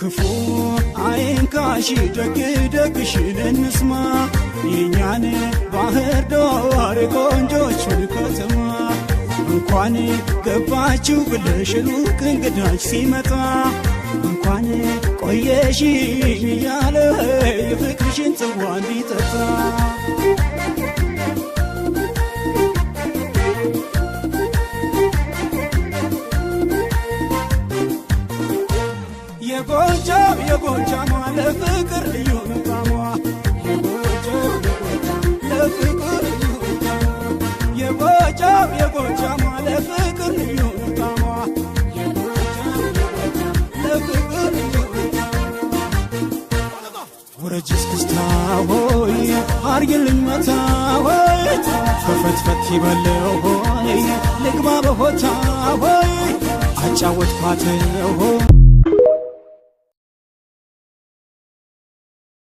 ክፉ አይንካሽ ደግ ደግሽን እንስማ የእኛን ባህር ዳር ቆንጆችን ከተማ እንኳን ገባችሁ ብለሽ ሩቅ እንግዳች ሲመጣ እንኳን ቆየሽ እያለ የፍቅርሽን ጽዋ እንዲጠጣ የጎጃም የጎጃም ለፍቅር ልዩ ጣሟ የጎጃም ለፍቅር ልዩ ጣሟ የጎጃም ለፍቅር ልዩ ጣሟ ወረጅስ ክስታ ሆይ አርግልኝ መታ ሆይ ፈፈትፈት ይበለው ሆይ ልግባ በሆታ ሆይ አጫወትኳት ሆይ